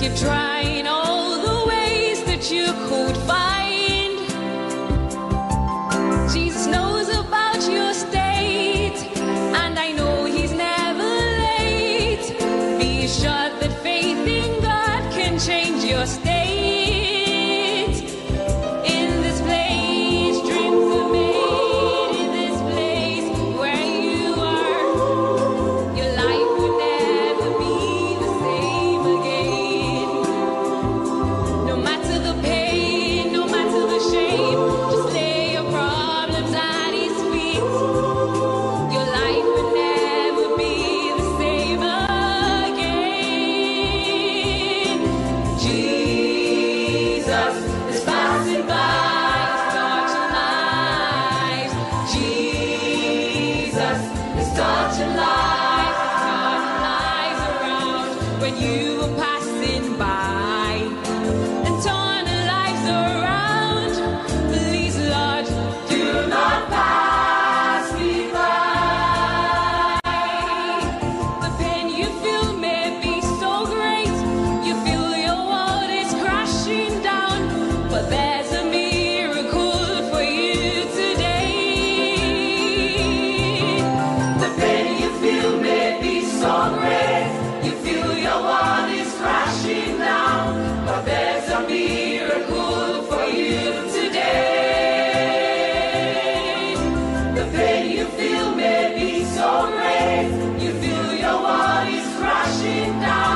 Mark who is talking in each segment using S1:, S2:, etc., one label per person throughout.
S1: keep you all the ways that you could find. Jesus knows about your state, and I know He's never late. Be sure that faith in God can change your state. when you The pain you feel may be so great, you feel your body's crashing down.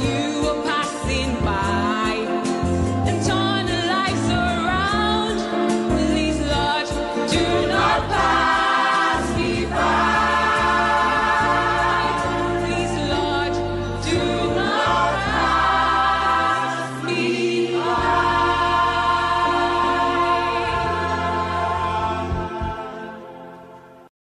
S1: you